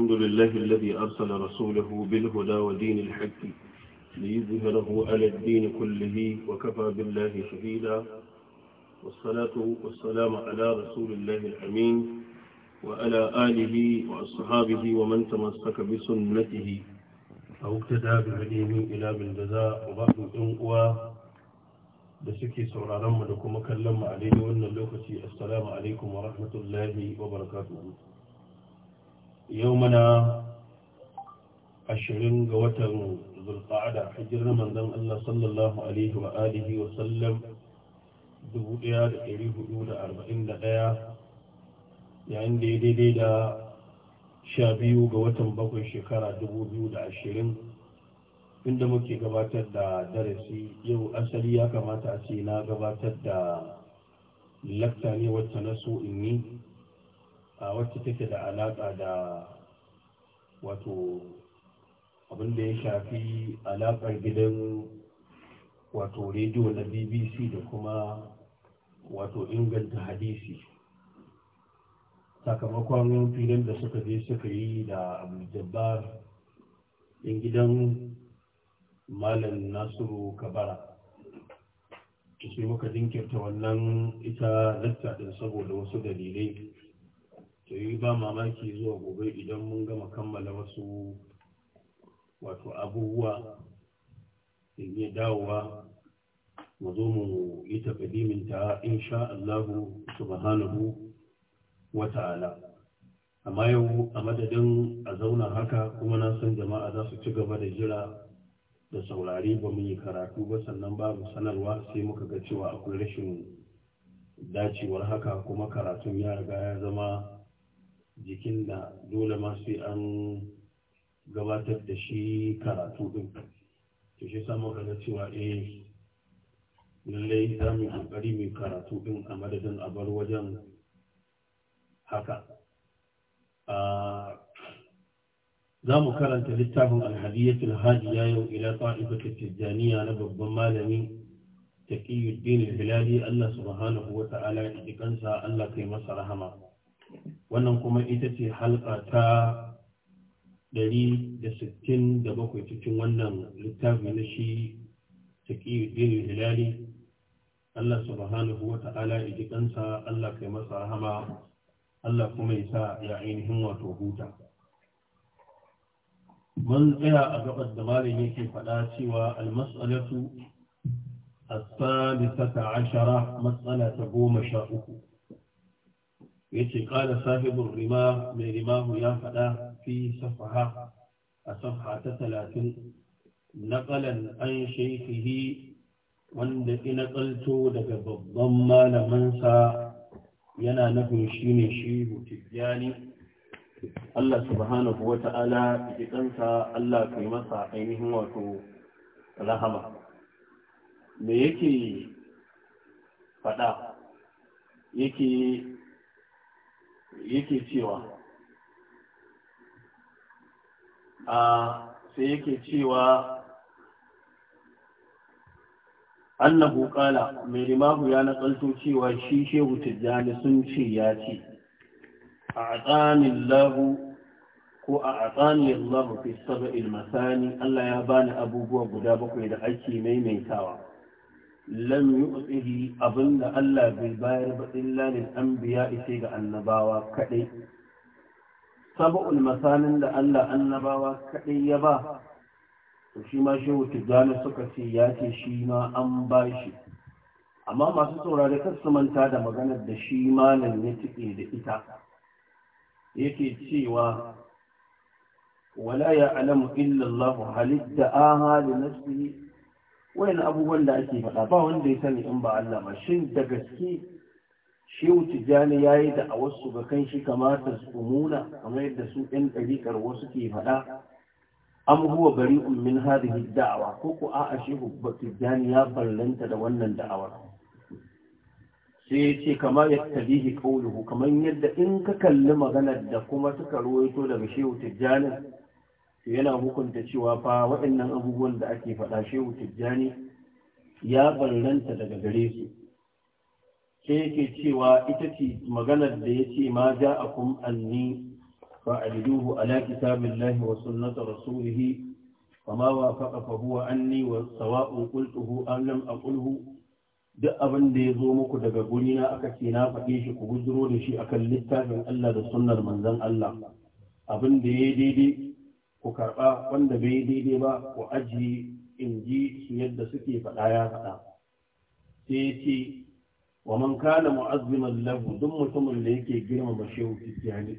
الحمد لله الذي أرسل رسوله بالهدى ودين الحق ليظهره على الدين كله وكفى بالله شهيدا والصلاة والسلام على رسول الله الأمين وعلى آله وأصحابه ومن تمسك بسنته أو اقتدى بهديه إلى بالجزاء وبعض الأنقوى da سورة رمضكم وكلم عليه وأن kallon السلام عليكم ورحمة الله وبركاته yau mana ashirin ga watan a jirgin manzan Allah sallallahu alaihi wa alihi wa sallam 1441 yayin da ya daidai da sha biyu ga watan bakwai shekara 2020 inda muke gabatar da darasi yau asali ya kamata a ce na gabatar da lakta ne wacce na so in yi A wacce take da alaƙa da wato abin da ya shafi alaƙar gidan wato rediyo na bbc da kuma wato inganta hadisi sakamakon filin da suka je suka yi da abdulbar in gidan malam nasiru kabara sai muka jinkirta wannan ita lakta ɗin saboda wasu dalilai to yi ba mamaki zuwa gobe idan mun gama kammala wasu wato abubuwa da iya dawowa mu zo mu yi taƙadimin ta insha Allahu subhanahu wa ta'ala amma yau a madadin a zauna haka kuma na san jama'a za su ci gaba da jira da saurari ba mu yi karatu ba sannan babu sanarwa sai muka ga cewa akwai rashin dacewar haka kuma karatun ya riga ya zama jikin da dole ma sai an gabatar da shi karatu din to shi sa muka ga cewa eh lallai za mu kokari mai karatu din a madadin a bar wajen haka za mu karanta littafin alhadiyatul hajiya yau ila ta'ifatul tijjaniya na babban malami taqiyuddin hilali Allah subhanahu wa ta'ala ya kansa Allah kai masa rahama wannan kuma ita ce halka ta 167 cikin wannan littafi na shi taqiyuddin hilali Allah subhanahu wa ta'ala ya ji kansa Allah kai masa rahama Allah kuma ya sa ya ainihin wato huta mun tsaya a gabas da malam yake faɗa cewa almas'alatu as-salisata ashara matsala ta goma sha uku yace ƙara sahibul rima mai rimahu ya faɗa fi safaha a safaha ta talatin naƙalan an shaifihi wanda ina ƙalto daga babban malamansa yana nufin shi ne shi hutubiyani Allah subhanahu wa ta'ala jikansa Allah kai masa ainihin wato rahama me yake faɗa yake yake cewa a sai yake cewa annahu qala mai rimahu ya nakalto cewa shi shehu tijjani sun ce ya ce a atsanillahu ko a atsani Allah fi sab'il masani Allah ya bani abubuwa guda bakwai da ake maimaitawa lam yu'tihi abinda Allah bai bayar ba illa lil anbiya sai ga annabawa kadai sab'ul masanin da Allah annabawa kadai ya ba to shi ma shehu tijjani suka ce ya ce shi ma an ba shi amma masu saurare kar su manta da maganar da shi malam ya tike da ita yake cewa wala ya alamu illallahu halitta aha da nafsihi wani abubuwan da ake faɗa ba wanda ya sani in ba Allah ba shin da gaske shehu tijjani ya yi da a wasu ga kan shi kamata su umuna kamar yadda su ɗan ɗariƙar wasu ke faɗa an huwa bari min hadihi da'awa ko ko a'a shehu tijjani ya ballanta da wannan da'awar sai ya ce kama ya tabihi kauluhu kamar yadda in ka kalli maganar da kuma suka ruwaito daga shehu tijjanin yana hukunta cewa fa waɗannan abubuwan da ake faɗa shehu tijjani ya ballanta daga gare su sai yake cewa ita ce maganar da ya ce ma ja a kum anni fa aliduhu ala kitabillahi wa sunnata rasulihi fa ma wa faqa fa huwa anni wa sawa'un qultuhu am lam aqulhu duk abin da ya zo muku daga guri na aka ce na faɗe shi ku gudro da shi akan littafin Allah da sunnar manzon Allah abin da ya daidai ku karɓa wanda bai yi daidai ba ku ajiye in ji su yadda suke faɗa ya faɗa sai ya ce wa man kana mu'azziman lahu duk mutumin da yake girmama shehu kiyani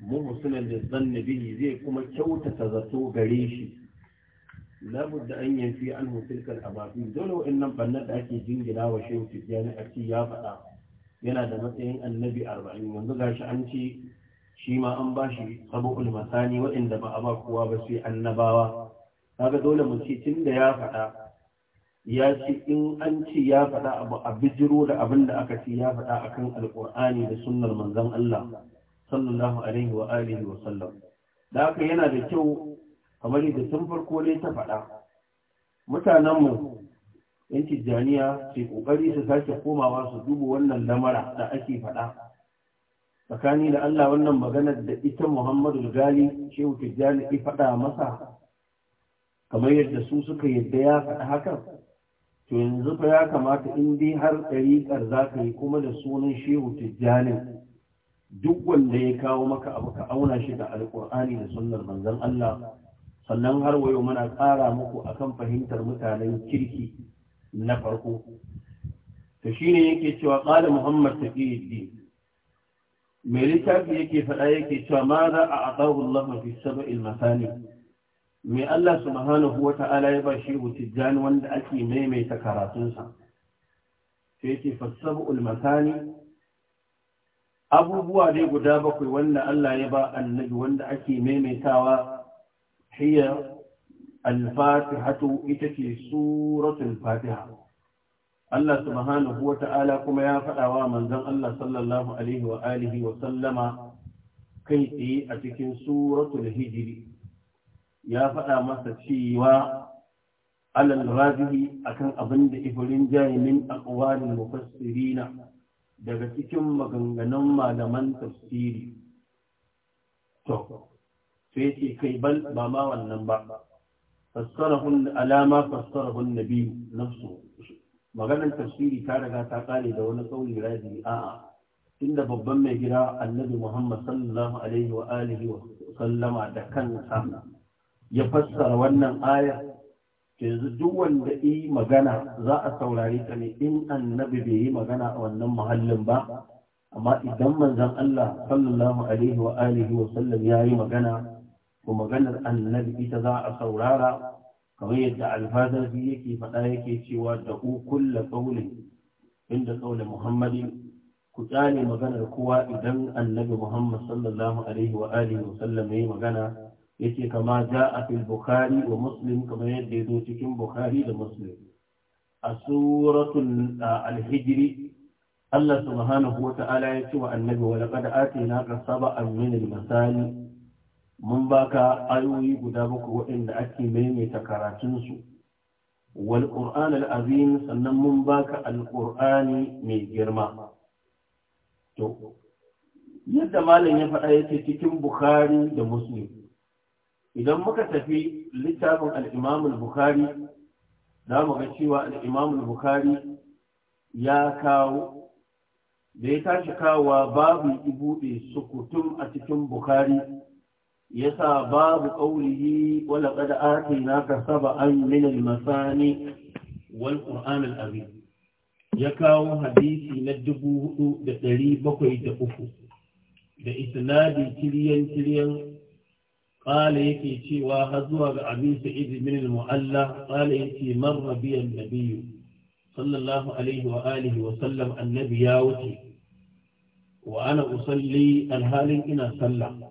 mu musulun da zanna bihi zai kuma kyautata zato gare shi labud da an yanfi an a abafi dole wa'annan bannar da ake jingina wa shehu kiyani a ya faɗa yana da matsayin annabi arba'in yanzu gashi an ce shi ma an ba shi sabu'ul masani waɗanda ba a ba kowa ba sai annabawa kaga dole mu ce tun da ya faɗa ya ce in an ce ya faɗa abu a bijiro da abin da aka ce ya faɗa a kan alƙur'ani da sunnar manzon Allah sallallahu alaihi wa alihi wa sallam da haka yana da kyau kamar da tun farko ne ta faɗa mu yan tijjaniya ke ƙoƙari su sake komawa su duba wannan lamara da ake faɗa tsakani da Allah wannan maganar da ita Muhammadu Gali Shehu Tijjani ya faɗa masa kamar yadda su suka yadda ya faɗa hakan to yanzu fa ya kamata in dai har ɗariƙar za ka yi kuma da sunan Shehu Tijjani duk wanda ya kawo maka abu ka auna shi da Alƙur'ani da sunnar manzon Allah sannan har wayo muna ƙara muku akan fahimtar mutanen kirki na farko to shine yake cewa ƙala Muhammad ta Taqiyuddin Me littafi yake faɗa yake cewa ma za a atahu Allah fi sab'il masani Me Allah subhanahu wa ta'ala ya ba shi tijjani wanda ake maimaita karatunsa sai yake fasab'ul masani abubuwa dai guda bakwai wanda Allah ya ba annabi wanda ake maimaitawa hiya al-fatihatu ita ce suratul fatiha Allah subhanahu wata'ala kuma ya faɗawa manzon Allah sallallahu alaihi wa alihi wa sallama kai tsaye a cikin suratul hijri ya faɗa masa cewa alal rajihi akan abin da ifirin jayi min aqwalil mufassirina daga cikin maganganun malaman tafsiri to sai ce kai bal ba ma wannan ba fassarahun alama fassarahun nabi nafsu maganar tafsiri ta riga ta kare da wani tsauri raji a'a inda babban mai gida annabi Muhammad sallallahu alaihi wa alihi wa sallama da kansa ya fassara wannan aya yanzu duk wanda yi magana za a saurare ta ne in annabi bai yi magana a wannan muhallin ba amma idan manzon Allah sallallahu alaihi wa alihi wa sallam ya yi magana ko maganar annabi ita za a saurara kamar yadda alfazazi yake faɗa yake cewa da ku kulla inda ƙaunin muhammadi ku tsane maganar kowa idan annabi muhammad sallallahu alaihi wa alihi wa ya yi magana yace kama za a fil bukhari wa muslim kamar yadda ya zo cikin bukhari da muslim a suratul al Allah subhanahu wa ta'ala ya ce wa annabi wa laqad atina ka sab'an min al-masani mun baka ayoyi guda bakwai waɗanda ake maimaita karatunsu wal qur'an al sannan mun baka al mai girma to yadda malam ya faɗa yake cikin bukhari da muslim idan muka tafi littafin al imam al bukhari za mu ga cewa al imam al bukhari ya kawo da ya tashi kawa babu ibuɗe sukutum a cikin Bukhari. Ya sa babu qawlihi na ka saba an min al-masani wal qur'an al ya kawo hadisi na dubu hudu da ɗari bakwai da uku da isnadi kiriyan kiriyan ƙala yake cewa har zuwa ga abin sa'id min al-mu'alla ƙala yake marra biyan nabiyyu sallallahu alaihi wa alihi wa sallam annabi ya wuce wa ana usalli alhalin ina sallah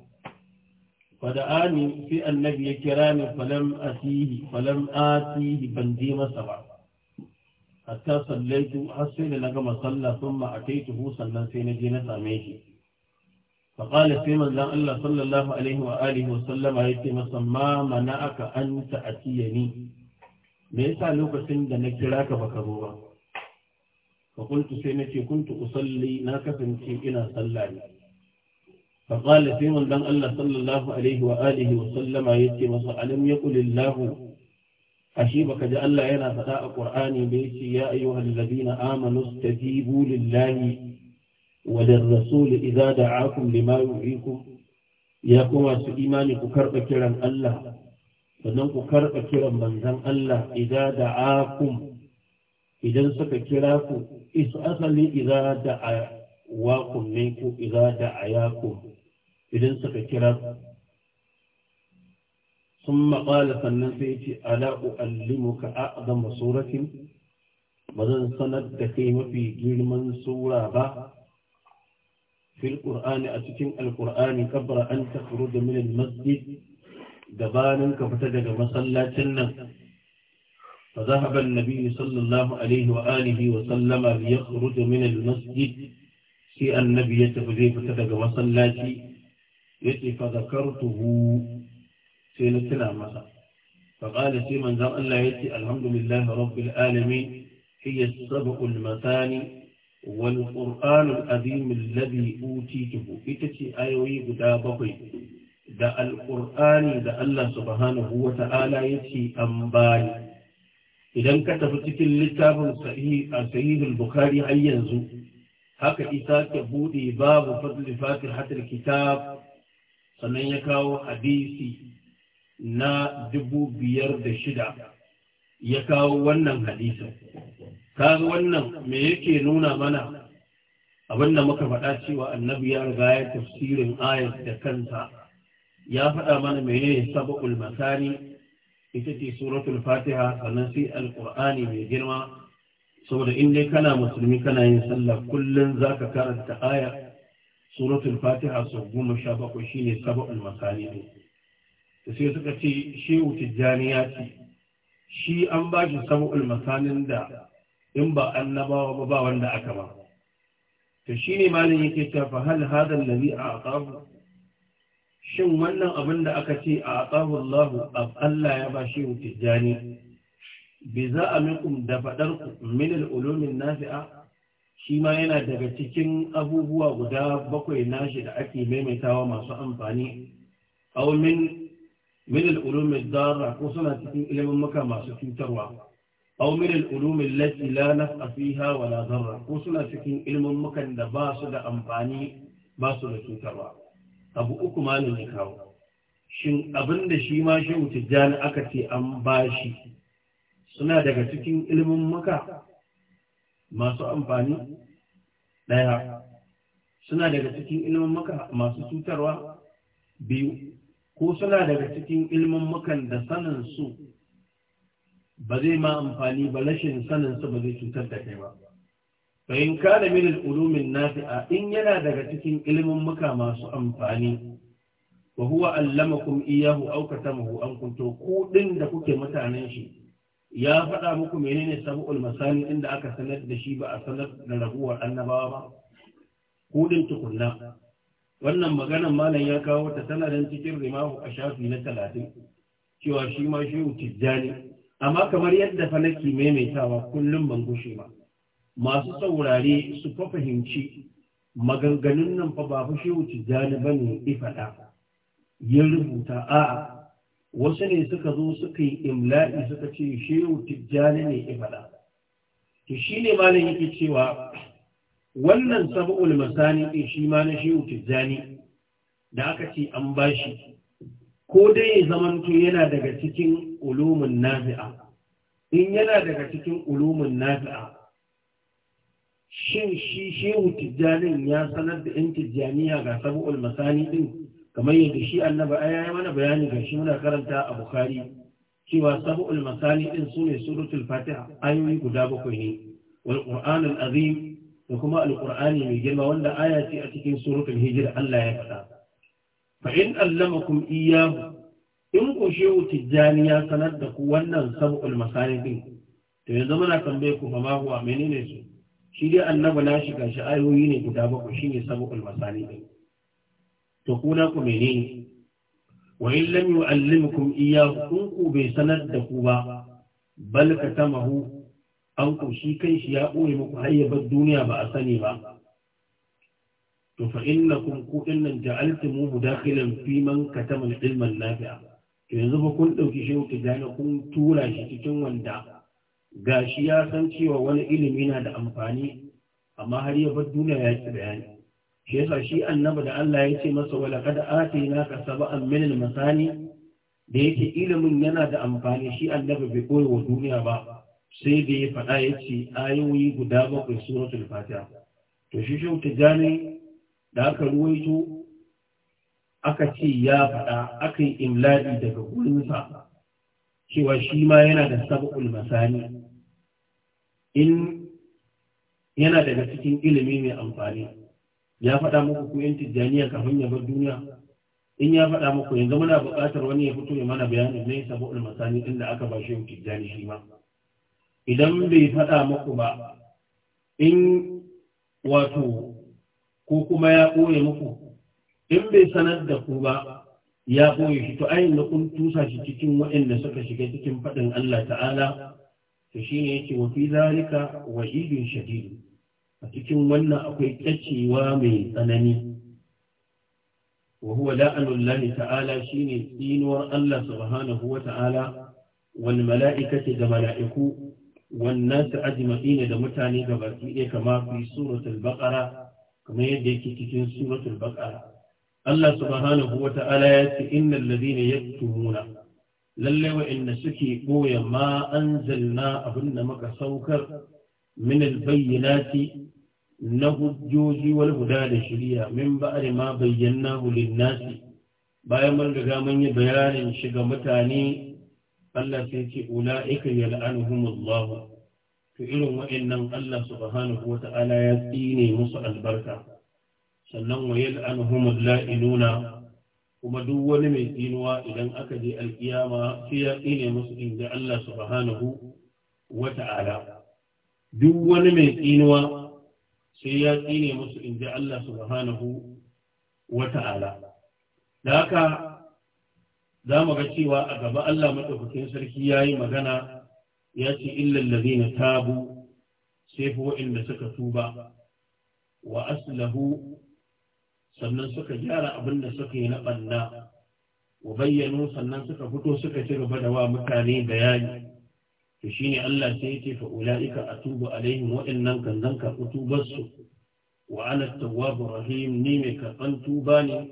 da fada'ani sai annabi ya kira ni falam asihi falam ban je masa ba hatta sallaitu har sai da na gama sallah sun ma'ataituhu sannan sai na je na same shi فقال في من لان الله صلى الله عليه وآله وسلم يتي مسا ما منعك أن تأتيني ليس baka سند نكراك بكبوة فقلت سينتي kuntu usalli, na kasance ina صلاني فقال في من دان الله صلى الله عليه وآله وسلم يتي وسألم يقل الله أشيبك جاء الله ينا فتاء قرآني بيتي يا أيها الذين آمنوا استجيبوا لله وللرسول إذا دعاكم لما يعيكم ya kuma su imani ku karɓa kiran Allah sannan ku karɓa kiran manzan Allah idan da akum idan suka kira ku isu asali idan da wakum ne ku idan da ayakum idan suka kira sun maƙala sannan sai ce ala'u ka a zama suratin ba zan sanar da kai mafi girman sura ba fil a cikin alƙur'ani kabara an tafiru da milin masjid gabanin ka fita daga masallacin nan فذهب النبي صلى الله عليه وآله وسلم ليخرج من المسجد في النبي يتفذي فتدق مسلاتي yace fa tuhu sai na tuna masa fa sai manzon Allah yace alhamdulillahi rabbil alami hiya as-sab'ul mathani wal qur'anul azim alladhi utituhu ita ce ayoyi guda bakwai da alqur'ani da Allah subhanahu wa ta'ala yace an bani idan ka tafi cikin littafin a sahihul bukhari har yanzu haka isa ke bude babu fadli fatihatul kitab sannan ya kawo hadisi na dubu biyar da shida ya kawo wannan hadisin kaga wannan me yake nuna mana abinda muka faɗa cewa annabi ya riga ya tafsirin ayat da kansa ya faɗa mana menene sabaqul masani ita ce suratul fatiha sannan sai alqur'ani mai girma saboda in dai kana musulmi kana yin sallah kullun zaka karanta aya suratul fatiha sau goma sha bakwai shine saba'ul masani ne da sai suka ce shehu tijjani ya ce shi an ba shi saba'ul masanin da in ba annabawa ba ba wanda aka ba to shine malin yake cewa fa hal hadha a aqabu shin wannan abin da aka ce a aqahu Allah Allah ya ba shehu tijjani bi za'amikum da fadar min al-ulumin nafi'a shi ma yana daga cikin abubuwa guda bakwai nashi da ake maimaitawa masu amfani aumin min ulumin dara ko suna cikin ilimin masu cutarwa aumin al'ulumin lati la naf'a fiha wa la ko suna cikin ilimin makan da ba su da amfani ba su da cutarwa abu uku malin ya kawo shin abin da shi ma shehu tijjani aka ce an bashi suna daga cikin ilimin maka masu amfani ɗaya suna daga cikin ilimin maka masu cutarwa biyu ko suna daga cikin ilimin makan da sanin su ba zai ma amfani ba rashin sanin su ba zai cutar da kai ba bayan da min al-ulumin nafi'a in yana daga cikin ilimin muka masu amfani wa huwa allamakum iyahu aukata katamahu an kuntu ku din da kuke mutanen shi ya faɗa muku menene sabu'ul masani inda aka sanar da shi ba a sanar da raguwar annabawa ba kudin tukunna wannan maganan malam ya kawo ta sanadin cikin rimahu a shafi na talatin cewa shi ma shehu tijjani amma kamar yadda fa nake maimaitawa kullum ban gushe ba masu saurare su fa fahimci maganganun nan fa ba fa shehu tijjani bane ifaɗa ya rubuta a'a wasu ne suka zo suka yi imla'i suka ce shehu tijjani ne faɗa. to shi ne malam yake cewa wannan sabu'ul masani ɗin shi ma na shehu tijjani da aka ce an bashi ko dai ya zamanto yana daga cikin ulumin nafi'a in yana daga cikin ulumin nafi'a shin shi shehu tijjanin ya sanar da yan tijjaniya ga sabu'ul masani ɗin kamar yadda shi annaba aya ya mana bayani ga shi muna karanta a bukari cewa sabu'ul masali din su ne suratul fatiha ayoyi guda bakwai ne wal qur'an al azim da kuma al qur'ani mai girma wanda aya ce a cikin suratul hijr Allah ya fada. fa in allamakum iyyahu in ku shehu tijjani ya sanar da ku wannan sabu'ul masali din to yanzu muna tambaye ku fa ma huwa menene su shi dai Annaba na shiga shi ayoyi ne guda bakwai shine sabu'ul masali din to ku menene wa in lam yu'allimukum iyyahu kun ku bai sanar da ku ba bal katamahu an ku shi kan shi ya ɓoye muku har ya bar duniya ba a sani ba to fa innakum ku innan ja'altumu mudakhilan fi man katama ilman nafi'a to yanzu ba kun dauki shi ku gane kun tura shi cikin wanda gashi ya san cewa wani ilimi na da amfani amma har ya bar duniya ya ci bayani shi yasa shi annabi da Allah ya ce masa wala kad atina ka sab'an min al-masani da yake ilimin yana da amfani shi annabi bai koyi wa duniya ba sai da ya faɗa ya ce ayoyi guda bakwai suratul fatiha to shi shi gane da aka ruwaito aka ce ya faɗa aka yi imla'i daga gurinsa cewa shi ma yana da sab'ul masani in yana daga cikin ilimi mai amfani ya faɗa muku ku yanti tijjaniya kafin ya bar duniya in ya faɗa muku yanzu muna buƙatar wani ya fito ya mana bayanin ne saboda masani inda aka ba shi tijjani shi ma idan bai faɗa muku ba in wato ko kuma ya ɓoye muku in bai sanar da ku ba ya ɓoye shi to ayin da kun tusa shi cikin waɗanda suka shiga cikin faɗin Allah ta'ala to shine yake wa fi zalika wa'idun shadid a cikin wannan akwai kyacewa mai tsanani wa huwa la'anullahi ta'ala shine tsinuwar Allah subhanahu wa ta'ala wal mala'ikati da mala'iku wan nasu ajma'in da mutane gabaki ɗaya kama fi suratul baqara kamar yadda yake cikin suratul baqara Allah subhanahu wa ta'ala ya ce innal ladina yaktumuna Lallai wa'inda suke boye ma anzalna abinda muka saukar min albayyinati na hujjoji wal guda da shirya, min ba'da ma bayyana lin-nasi bayan mun riga mun yi bayanin shi ga mutane Allah sai ce ula'ika yal'anuhumullah to irin wa'annan Allah subhanahu Ta'ala ya tsine musu albarka sannan wa yal'anuhumul la'inuna kuma duk wani mai tsinuwa idan aka je alkiyama sai ya tsine musu inda Allah subhanahu wa ta'ala duk wani mai tsinuwa sai ya tsine musu in ji Allah subhanahu wa ta'ala. Da haka za mu ga cewa a gaba Allah maɗaukakin sarki ya yi magana ya ce illallazi na tabu sai fi waɗanda suka tuba wa aslahu sannan suka gyara abin da suka yi na ɓanna wa bayyano sannan suka fito suka ci gaba da wa mutane bayani to Allah sai yace fa ulaika tuba alaihim waɗannan kan zan karɓi tubar wa ana rahim ni mai karɓan tuba ne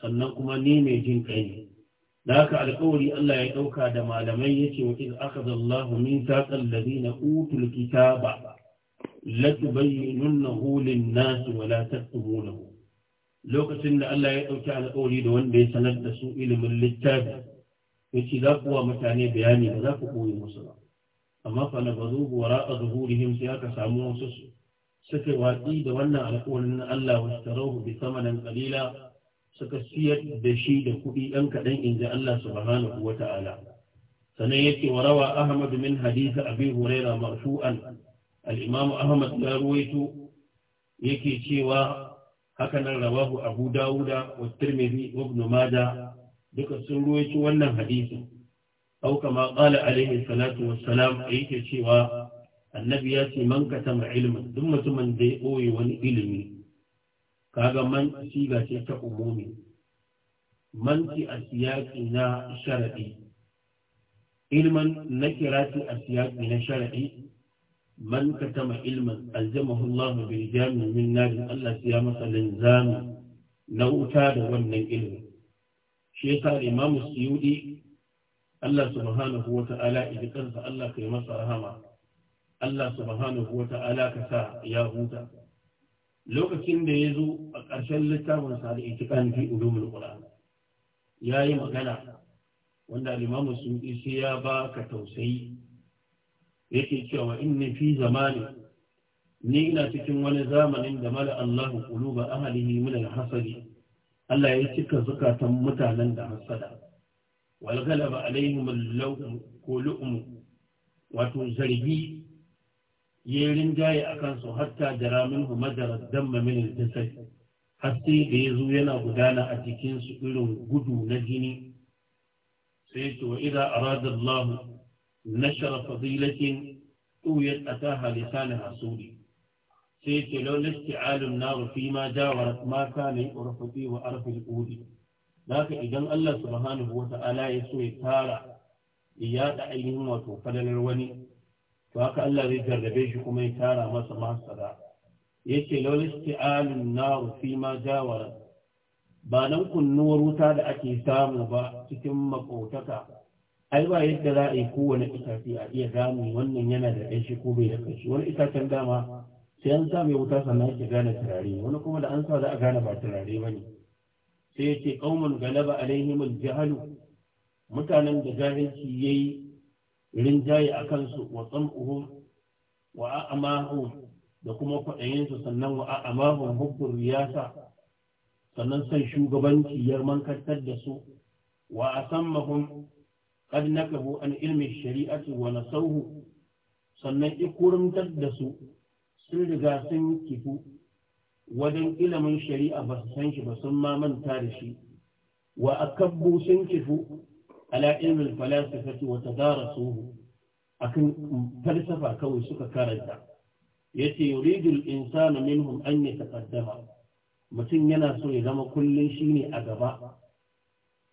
sannan kuma ni mai jin kai ne da haka alƙawari Allah ya ɗauka da malamai yace wa iz aka Allahu min saqal ladina utul kitaba latubayyinunnahu lin-nas wa la taktumunahu lokacin da Allah ya ɗauki alƙawari da wanda ya sanar da su ilimin littafi yace za ku wa mutane bayani ba za ku koyi musu ba amma fa na bazu wara a zuhurihim sai aka samu wasu suka watsi da wannan alƙawarin na Allah wa tarahu bi samanan qalila suka siyar da shi da kuɗi ɗan kaɗan in ji Allah subhanahu wa ta'ala sannan yake wa rawa Ahmad min hadisi Abi Huraira marfu'an al-Imam Ahmad ya ruwaito yake cewa haka nan rawahu Abu Dawuda wa Tirmidhi wa Ibn Majah duka sun ruwaito wannan hadisin أو كما قال عليه الصلاة والسلام أيك شوى النبي ياتي من كتم علما ثم من دي أوي ون إلمي كاغا من سيغا شيك أمومي من في أسياقنا شرعي علما نكرات أسياقنا شرعي من كتم علما ألزمه الله بلجام من نار الله سيامة لنزام نوتا دون العلم شيخ الإمام السيودي Allah subhanahu wa ta'ala idan kansa Allah kai masa rahama Allah subhanahu wa ta'ala ka sa ya huta lokacin da ya zo a ƙarshen littafin sa da itikan fi ulumul qur'an yi magana wanda al-imamu suyuti sai ya ba ka tausayi yake cewa inni fi zamani ni ina cikin wani zamanin da mala Allahu quluba ahlihi min al-hasadi Allah ya cika zukatan mutanen da hasada Walgalaba galaba alaihim al ko wato zargi ya rinjaye a kansu hatta jara minhu majarar damma min al-jasad har sai da ya zo yana gudana a cikin irin gudu na jini sai ce wa idza arada Allah nashara fadilatin tuyat ataha lisanan asudi sai ce law listi'alun na rufi ma jawarat ma kana urfati wa arfi al Daka idan Allah subhanahu wa ta'ala ya so ya tara ya da ainihin wato falalar wani to haka Allah zai jarrabe shi kuma ya tara masa masara yace law alin nar fi ma jawara ba nan kunnuwar wuta da ake samu ba cikin makotaka ai ba yadda za a yi kowane itace a iya gane wannan yana da ɗan ko bai da kashi wani itacen dama sai an sa mai wuta sannan ake gane turare wani kuma da an sa za a gane ba turare ba ne sai yake kauman galaba alaihim al mutanen da jahilci yayi rinjaye a kansu wa tsam'uhum wa da kuma kwaɗayinsu sannan wa a'amahum hubbur riyasa sannan sai shugabanci yar mankantar da su wa asammahum qad nakabu an ilmi shari'ati wa nasawhu sannan ikurumtar da su sun riga sun kifu wajen ilimin shari'a ba su san shi ba sun ma manta da shi wa akabbu sun kifu ala ilmin falasifati wa tadarasuhu akan falsafa kawai suka karanta yace yuridul insanu minhum an yataqaddama mutum yana so ya zama kullun shine a gaba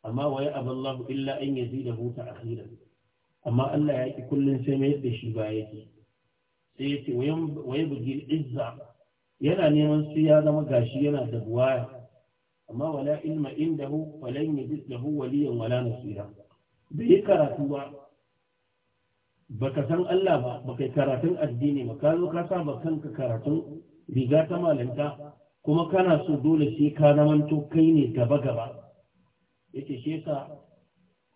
amma waya aballahu illa an yazidahu ta'khiran amma Allah ya ki kullun sai mai da shi ba yake sai yace wayan wayabgil izza yana neman su ya zama gashi yana da buwaya amma wala ilma indahu walan yajid lahu waliyan wala nasira bai yi karatu ba baka san Allah ba baka karatun addini ba ka zo ka saba kanka karatun riga ta malanta kuma kana so dole sai ka to kai ne gaba gaba yace shi yasa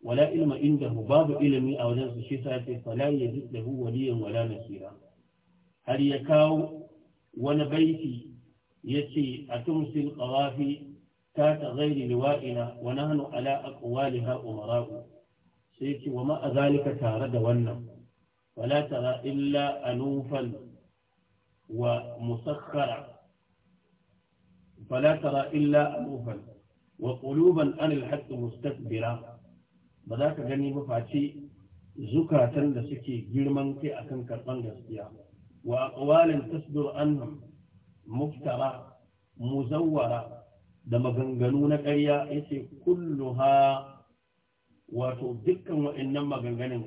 wala ilma indahu babu ilimi a wajen su shi yasa yace fala yajid lahu waliyan wala nasira har ya kawo wani baiti a atumsil qawafi ta ta ghairi liwa'ina wa nahnu ala aqwaliha umara'u sai yace wa ma tare da wannan wala tara illa anufan wa musakhkhara فلا ترى إلا أنوفا وقلوبا عن الحق مستكبرة بذاك جني مفاتي زكاة لسكي جرمان في أكن karban gaskiya. وأقوال تصدر عنهم مفترى مزورة da maganganu na ƙarya yace kulluha wato dukkan waɗannan maganganun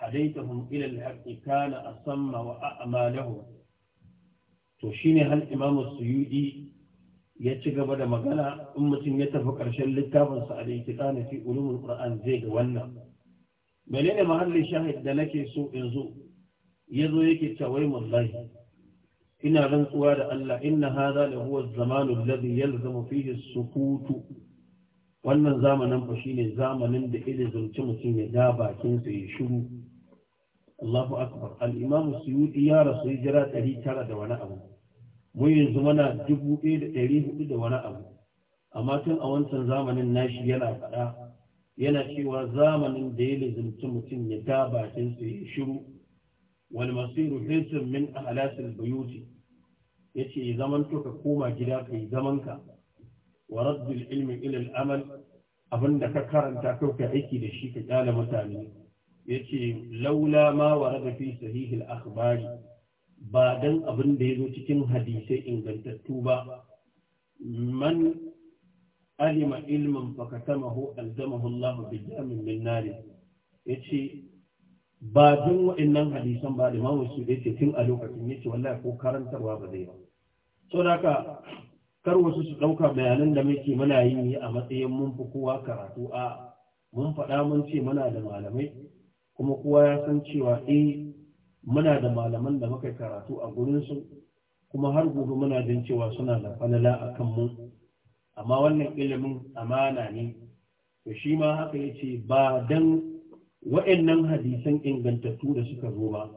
hadaitahum ila al-haqqi kana asamma wa a'ma lahu to shine har imam suyudi ya ci gaba da magana in mutum ya tafi ƙarshen littafin sa a daikitana fi ulumul qur'an zai ga wannan menene muhallin shahid da nake so in zo ya zo yake wai wallahi ina rantsuwa da Allah inna hadha la huwa az-zamanu alladhi yalzamu fihi as-sukutu wannan zamanin fa shine zamanin da idan zunci mutum ya ga bakin sa ya shiru Allahu akbar al-imam Suyuti ya rasu hijira 900 da wani abu mu yanzu muna 1400 da wani abu amma tun a wancan zamanin nashi yana faɗa yana cewa zamanin da ya lizumci mutum ya ga bakin sa ya shiru wal masiru hirsun min ahlasil buyuti yace zaman to ka koma gida kai zaman ka wa raddul ilmi ila al abin da ka karanta ko ka aiki da shi ka kyale mutane yace laula ma warada fi sahih akbari. ba dan abin da ya zo cikin hadisai ingantattu ba man alima ilmin fakatamahu aljamahu Allah bi jamin min nar yace ba duk wa'annan hadisan ba limamu su da yake tun a lokacin yace wallahi ko karantarwa ba zai ba so ka kar wasu su ɗauka bayanan da muke muna yi a matsayin mun fi kowa karatu a mun faɗa mun ce muna da malamai kuma kowa ya san cewa E muna da malaman da muka karatu a gurin su kuma har gobe muna jin cewa suna da falala a kan mu amma wannan ilimin amana ne to shi ma haka ya ce ba dan wa'annan hadisan ingantattu da suka zo ba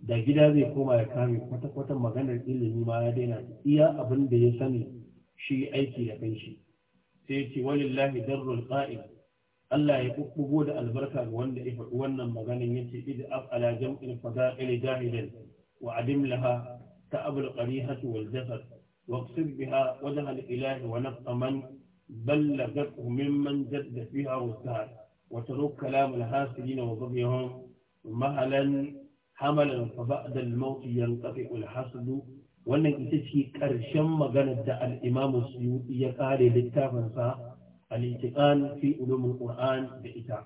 da gida zai koma ya kame kwata-kwata maganar ilimi ma ya daina iya abin da ya sani shi aiki da kanshi sai ce walillahi darrul qa'id Allah ya kubbugo da albarka ga wanda ya faɗi wannan maganar yace id af'ala jam'il fada'il jahidan wa adim laha ta'abul qarihatu wal jasad waqsid biha wajha al ilahi wa nafsa man ballaghathu mimman jadda fiha wasa'at وترك كلام الحاسدين وضبهم مهلا حملا فبعد الموت ينقطع الحسد wannan ita ce ƙarshen maganar da al'imamu suyuɗi ya ƙare littafinsa al'itiƙan fi ulumin ƙur'an da ita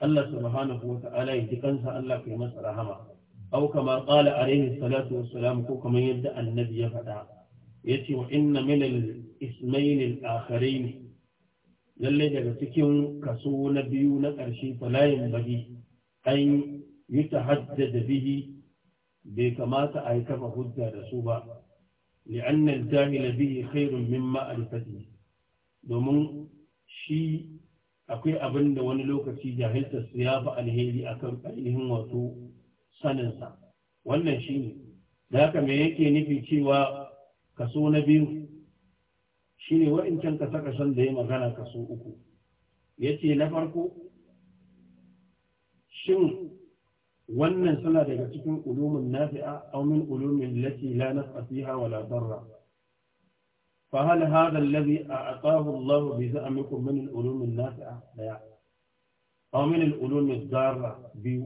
Allah subhanahu wa ta'ala ya ji kansa Allah kai masa rahama aw kama qala alaihi salatu wassalam ko kamar yadda annabi ya faɗa yace wa inna min al-ismayn al-akharin lallai daga cikin kaso na biyu na ƙarshe falayin bari an yi ta da bihi bai kamata a yi kafa hujja da su ba li'annan jahila bihi khairun min ma'arifati domin shi akwai abin da wani lokaci jahilta su ya fi alheri akan ainihin wato saninsa wannan shi ne da haka me yake nufi cewa kaso na biyu shine wa'incan saka kasan da ya magana ka kaso uku ya ce na farko shin wannan suna daga cikin ulumin nafi'a aw min ulumin lati la naf'a fiha wa la darra fa hal hadha alladhi a'tahu Allah bi za'mikum min ulumin ulum nafi'a daya aw min al-ulum ad-darra bi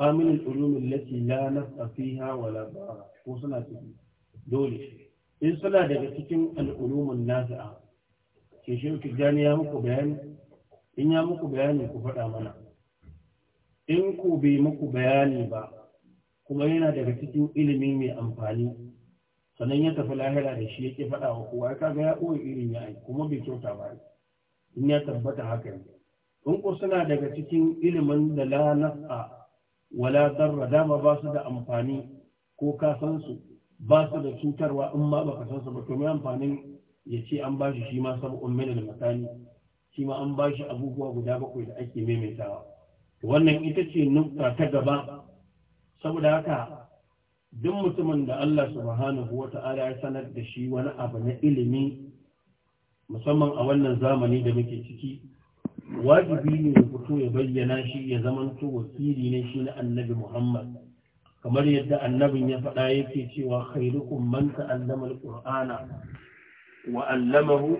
aw min al-ulum la naf'a fiha wa la darra ko suna ciki dole in suna daga cikin al'ulumin nasa ke yau tijjani ya muku bayani in ya muku bayani ku faɗa mana in ku bai muku bayani ba kuma yana daga cikin ilimi mai amfani sannan ya tafi lahira da shi yake faɗa wa kowa ya kaga ya ɓoye ya yi kuma bai kyauta ba in ya tabbata haka ne in ku suna daga cikin ilimin da la nasa wala darra dama ba su da amfani ko ka san su ba su da cutarwa in ma baka san su ba to mai amfanin ya ce an bashi shi shi ma sabu min da masani shi ma an bashi abubuwa guda bakwai da ake maimaitawa wannan ita ce nukta ta gaba saboda haka duk mutumin da Allah subhanahu wa ta'ala ya sanar da shi wani abu na ilimi musamman a wannan zamani da muke ciki wajibi ne ya fito ya bayyana shi ya zamanto wakili ne shi na annabi Muhammad kamar yadda annabin ya faɗa yake cewa khairukum man ta'allama alqur'ana wa 'allamahu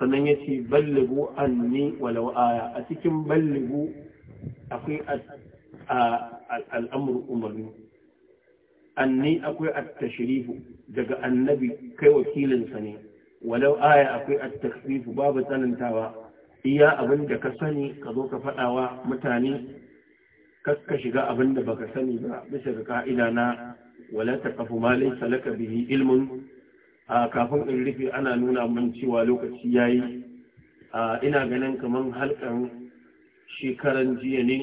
sannan yace ballighu anni walau aya a cikin ballighu akwai al'amru umarni anni akwai at-tashrifu daga annabi kai wakilinsa ne walau aya akwai at-takfifu babu tsanantawa iya abin da ka sani ka zo ka faɗawa mutane kaska shiga abin da baka sani ba bisa ga ka'ida na wala kafu ma laysa laka bihi ilmun a kafin in rufe ana nuna min cewa lokaci yayi a ina ganin kaman halkan shekaran jiya ne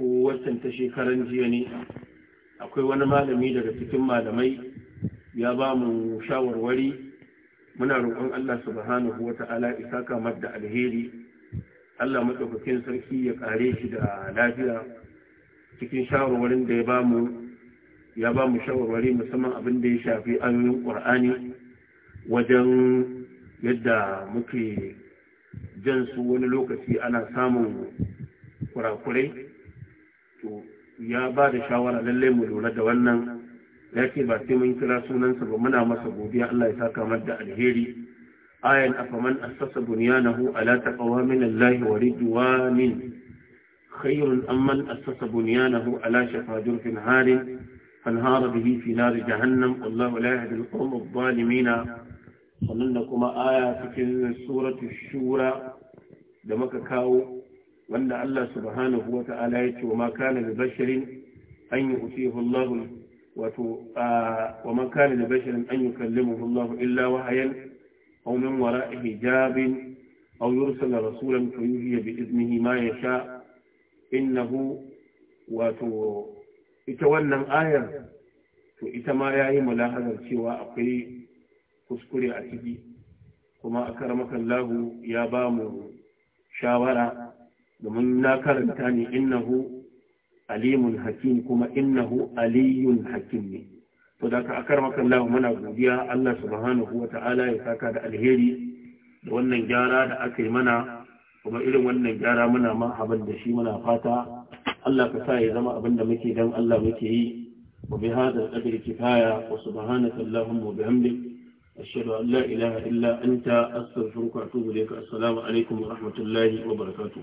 ko watan ta shekaran jiya ne akwai wani malami daga cikin malamai ya ba mu shawarwari muna roƙon Allah subhanahu wata'ala isaka madda alheri Allah maɗaukakin sarki ya kare shi da lafiya cikin shawarwarin da ya ba mu shawarwari musamman abin da ya shafi ayoyin ƙur'ani wajen yadda muke jan su wani lokaci ana samun kurakurai to ya ba da shawara lallai mu lura da wannan ya ce ba sai mun kira sunansa ba muna masa godiya Allah ya saka mar da alheri آية أفمن أسس بنيانه على تقوى من الله ورضوان خير أمن أسس بنيانه على شفا جرف هار فانهار به في نار جهنم والله لا يهدي القوم الظالمين صلنكما آية في سورة الشورى دمك كاو وأن الله سبحانه وتعالى وما كان لبشر أن يؤتيه الله آه، وما كان لبشر أن يكلمه الله إلا وحيا أو من وراء حجاب أو يرسل رسولا فيوهي بإذنه ما يشاء إنه واتو إتوانا آية to ita ma ya yi mulahazar cewa akwai kuskure a ciki kuma a karmakan lahu ya ba mu shawara domin na karanta ne innahu alimun hakim kuma innahu aliyun hakim ne to da ka akar makallahu muna godiya Allah subhanahu wa ta'ala ya saka da alheri da wannan gyara da aka yi mana kuma irin wannan gyara muna abin da shi muna fata Allah ka sa ya zama abin da muke dan Allah muke yi wa bi hadha al kifaya wa subhanaka allahumma wa bihamdik أشهد أن لا إله إلا أنت أستغفرك وأتوب إليك السلام wa ورحمة